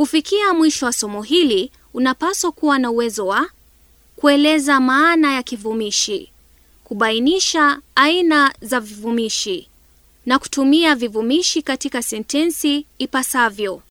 Kufikia mwisho wa somo hili, unapaswa kuwa na uwezo wa kueleza maana ya kivumishi, kubainisha aina za vivumishi na kutumia vivumishi katika sentensi ipasavyo.